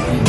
Thank you.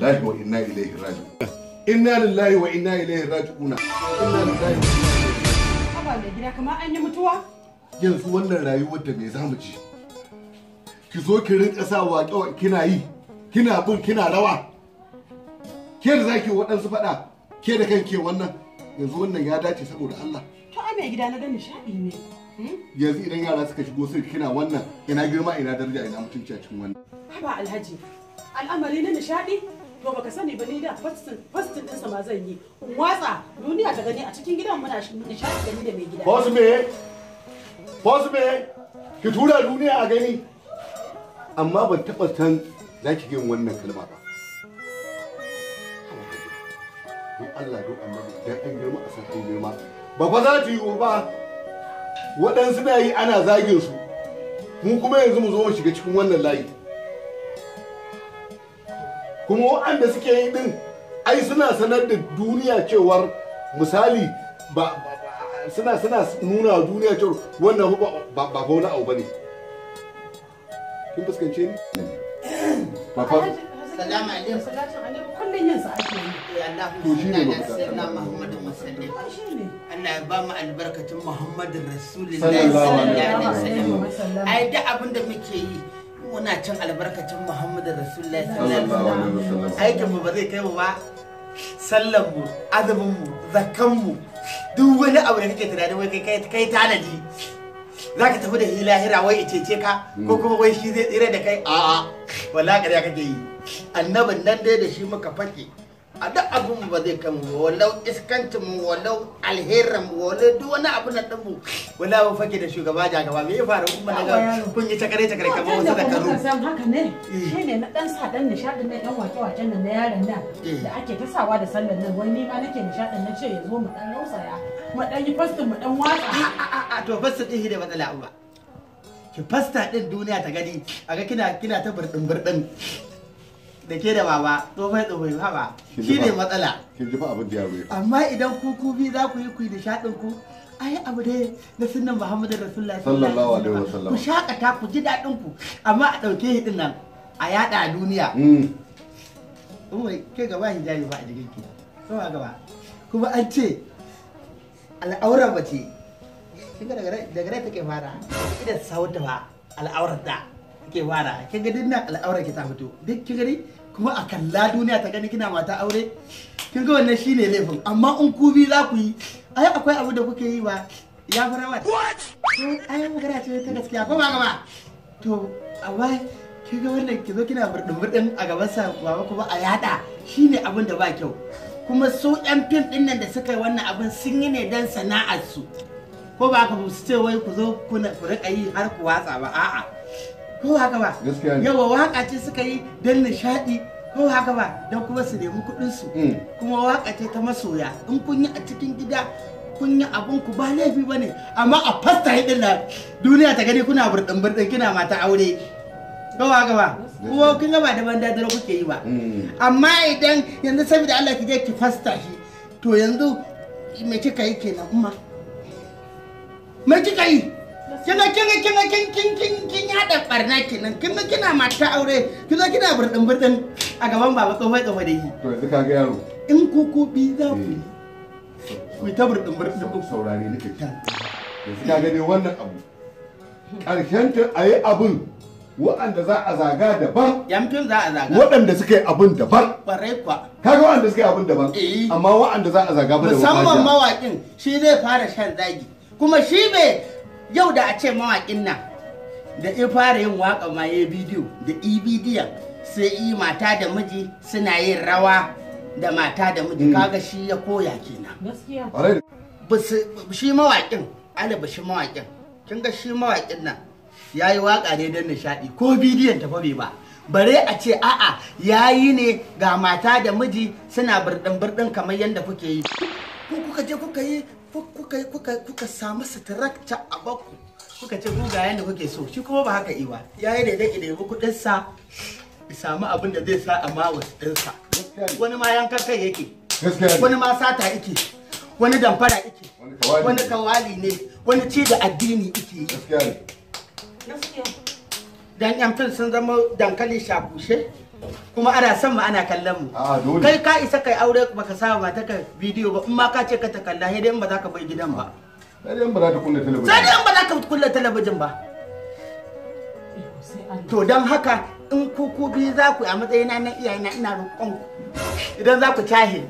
lillahi wa inna ilaihi raji'un inna lillahi wa inna ilaihi raji'un inna lillahi haba mai gida kamar an yi mutuwa yanzu wannan rayuwar da me zamu ci ki zo ki rinka sa waƙe kina yi kina bin kina rawa ke da zaki su faɗa ke da kanke wannan yanzu wannan ya dace saboda Allah to a mai gida na ga nishadi ne hmm? yanzu idan yara suka shigo sai kina wannan ina girma ina daraja ina mutunci a cikin wannan haba alhaji al'amari na nishadi to baka sani ba ni da fastin fastin din sa ma zan yi in watsa duniya ta gani a cikin gidan muna nishadi gani da mai gida boss me boss me ki tura duniya a gani amma ban taba san zaki yin wannan kalma ba don Allah don annabi dan an girma a san an girma ba fa za ta yi ba waɗansu na yi ana zagin su mu kuma yanzu mu zo mu shiga cikin wannan layi kuma waɗanda suke yi din ai suna sanar da duniya cewar misali ba suna suna nuna duniya cewar wannan ba ba wani abu bane kin fuskance ni ba fa alaikum salatu alaikum kullun yin sa ake yi Allah Allah ya ba mu albarkatun Muhammadu Rasulullahi sallallahu alaihi wasallam ai da abin da muke yi muna cin albarkacin muhammadu rasulullah sallallahu alaihi wasallam aikin mu ba zai kai mu ba sallan mu azumin mu zakkan mu duk wani abu da kake tunanin wai kai kai tanadi zaka tafi da hilahira wai icece ka ko hmm. kuma wai shi zai tsira da kai a'a wallahi kariya kake yi annabin nan dai da shi muka fake a duk abin ba zai kan walau iskancin mu walau alherin mu walau duk wani abu na ɗin mu wala ba fake da shugaba ja gaba me ya faru kuma daga kun yi takare takare kamar wasu da karu san haka ne eh. shine na dan sa dan nishadin nan dan wake waken nan na yaron nan eh. da ake ta sawa da sallan nan wani ma nake nishadin nan ce ya zo mu dan rausaya mu dan yi fastin mu dan watsa a a to fastin din da matsala ba ki fasta din duniya ta gani aga kina kina ta burdin burdin da ke da baba tsofai bai haba shi ne matsala kin ji ba abin da ya wuce amma idan ku ku bi za ku yi ku da nishadin ku ai abu dai na sunan muhammadu rasulullahi sallallahu alaihi wasallam ku shakata ku ji dadin ku amma a dauke hidin nan a yada a duniya mm. umai ke gaba hijabi ba a jikin ki sama gaba kuma an ce al'auran mace kin ga daga rai take fara idan sautawa al'aurar al'auran da kike wara ke ga dinnan al'aura ke ta fito duk ki gari kuma a kalla duniya ta gani kina mata aure kin ga wannan shine laifin amma in ku bi za ku yi ai akwai abu da kuke yi ba ya fara wa eh, ai magana ce ta gaskiya ko ba gaba to amma ki ga wannan ki zo kina burdin burdin a gaban sa baba kuma a yada shine abin da ba kyau kuma su yan fim din nan da suka yi wannan abin sun yi ne dan sana'ar su ko ba ka su ce wai ku zo ku rika yi har ku watsa ba a'a ko haka ba yawa waka ce suka yi don nishadi ko haka ba don kuma su nemi kuɗin su mm. kuma waka ce ta masoya in kun yi a cikin gida kun yi abun ku ba laifi ba ne amma a fasta hidin da duniya ta gani kuna burɗin burɗin kina mata aure gawa ba kuma kun gaba da banda dare kuke yi ba mm. amma idan yanzu saboda Allah ki je ki fasta shi to yanzu me kika yi kenan umma me kika yi kina kina kina kin kin kin kin yada barna kinan kina kina mata aure kina kina burdin burdin a gaban baba tsofa tsofa da yi to yanzu ga yaro in koko ku bi za ku eh. ku ta burdin burdin ku saurare nake ta yanzu ka ga ne wannan abu karshen ta ayi abun waɗanda za a zaga daban yamfin za a zaga waɗanda suka yi abin daban ƙwarai kwa kaga waɗanda suka yi abin daban eh. amma waɗanda za a zaga ba da musamman mawaƙin shi zai fara shan zagi kuma shi bai yau da a ce mawaƙin nan da ya fara yin waƙa ma ya bidiyo da ibidiya sai i mata da miji suna yin rawa da mata da miji hmm. kaga shi ya koya kenan shi mawaƙin ba shi mawaƙin kin ga shi mawaƙin nan ya yi waƙa ne don nishaɗi ko bidiyon ta bai ba bare a ce a'a ya yi ne ga mata da miji suna birɗin birɗin kamar yadda kuke yi ko kuka je kuka yi kuka kuka kuka samu structure a baku kuka ce guga yanda kuke so shi kuma ba haka yi ba yayi da dai da kudin sa samu abin da zai sa a mawas sa. wani ma yankan kai yake wani ma sata yake wani damfara yake wani kawali ne wani ci da addini yake dan yan fil sun zama dankali shafushe kuma ana son mu ana kallon mu kai ka isa kai aure baka sa ta ka bidiyo ba in ma ka ce ka ta kalla sai dai in ba za ka bai gidan ba sai dai in ba za ka kunna talabijin sai dai in ba za ka kunna talabijin ba to dan haka in ku ku bi za ku a matsayina na iyayena ina roƙon idan za ku tahe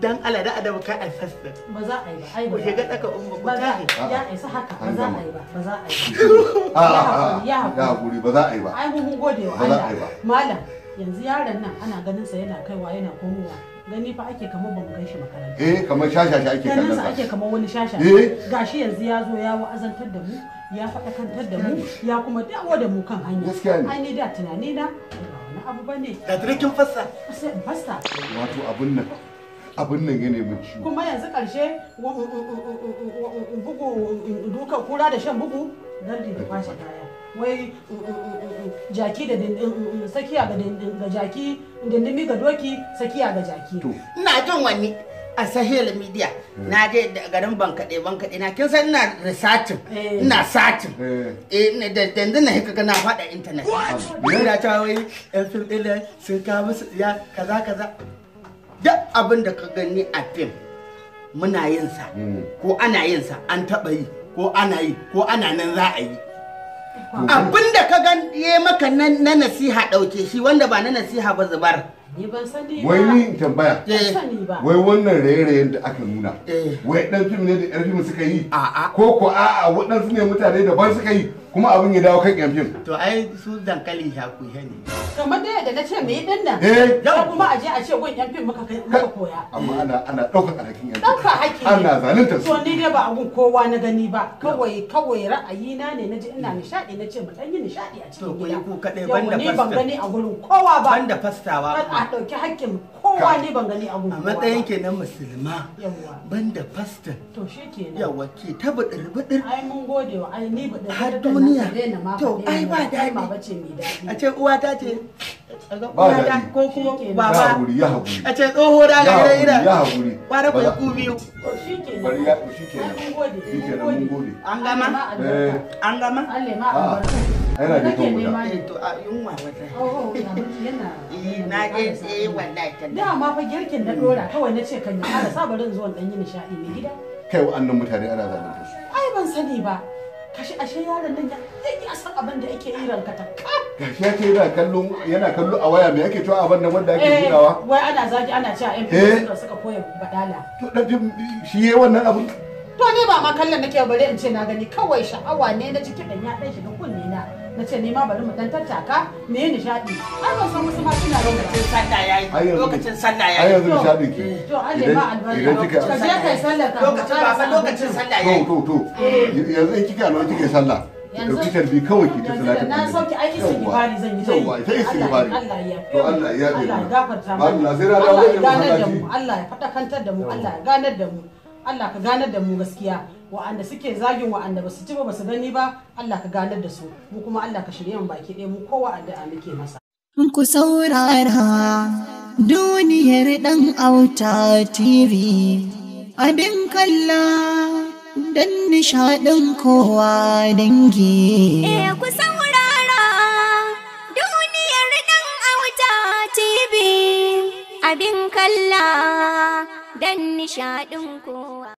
dan Allah da adabu ka a sassa ba za a yi ba ai ba ke ga daka umma ku ta ya isa haka ba za a yi ba ba za a yi ba ah, ah, ah, ya hakuri ba za a yi ba ai mun gode wa Allah malam yanzu yaron nan ana ganin sa yana kaiwa yana komowa gani fa ake kamar bamu gan shi makaranta eh kamar shasha shi ake kallon sa ake kamar wani shasha eh gashi yanzu ya zo ya wa'azantar da mu ya kantar da mu ya kuma dawo da mu kan hanya ai ni da tunani na abu bane da tare kin fassa fassa wato abun nan abin nan ya nemi ciwo kuma yanzu karshe bugu dukan kura da shan bugu nan da kwashe kaya wai mm, mm, mm, jaki da sakiya ga jaki dindimi ga doki sakiya ga jaki ina jin wani a sahel media eh. na je garin bankaɗe bankaɗe na kin san ina researching eh. ina satin eh, eh da yanzu na hika na faɗa internet ina ta wai yan fim ɗin sun kawo musu ya kaza kaza duk abin da ka gani a fim muna yin sa mm. ko ana yin sa an taba yi ko ana yi ko ana nan za a yi abin da ka gani ya maka na nasiha dauke shi wanda ba na nasiha ba zubar wai ni tambaya eh. wai wannan raye-rayen da aka nuna eh. wai dan fim ne da yar fim suka yi ko ko a'a waɗansu ne mutane daban suka yi kuma abin ya dawo kan yamfin to ai su dankalin shaku ne kamar da yadda na ce me din nan eh za kuma a je a ce gun yamfin muka kai muka koya amma ana ana daukar alhakin yamfin dauka haƙi ana zalunta su to ni dai ba abun kowa na gani ba kawai kawai ra'ayi na ne naji ina nishadi na ce mu dan yi nishadi a cikin gida to ku kadai banda fasta ni ban gani a gurin kowa ba banda fastawa a dauki haƙƙin kowa ne ban gani a matsayin ke na musulma banda pasta to shi ke yawa ke ta budur budur ai mun gode wa ai ni budur har duniya to ai ba daɗi a ce uwa ta ce ko mun an eh. an ah, eh, to a wata oh, oh, eh, na da ma fa girkin na kawai na ce ka ya ara sabarin zuwan nishadi mai gida kai wa'annan mutane ana zalunta ai ban sani ba kashi ashe yaron nan ya san asan abin da yake iran ka ta gashi ya ce yana kallon yana kallo a waya me yake cewa abin nan wanda ake gudawa eh, wai ana zagi ana cewa yan eh. fim suka koya badala to dan fim shi yayi wannan abin to ni ba ma kallon nake bare in ce na gani kawai sha'awa ne na cikin dan ya dan shiga kunne na na ce ni ma bari mu dan tattaka me ne nishadi har ban san wasu ma suna lokacin sallah yayi lokacin sallah yayi ai yanzu nishadi ke to eh, aje ma albarka lokacin sallah ka lokacin baba lokacin sallah yayi to to to yanzu in kika lokacin sallah ɗauki tarbi kawai ki ta talata na sauki ai istighfari zan yi zan yi ta istighfari to Allah ya yabe mu Allah sai na dawo da mu Allah ya fadakantar da mu Allah ya ganar da mu Allah ka ganar da mu gaskiya wa'anda suke zagin wa'anda ba su ci ba ba su gani ba Allah ka ganar da su mu kuma Allah ka shirye mu baki ɗaya mu kowa addu'a muke masa ku saurara duniyar ɗan auta tv abin kalla don nishaɗin kowa dangi. E ku saurara duniyar ɗan auta TV abin kalla don nishaɗin kowa.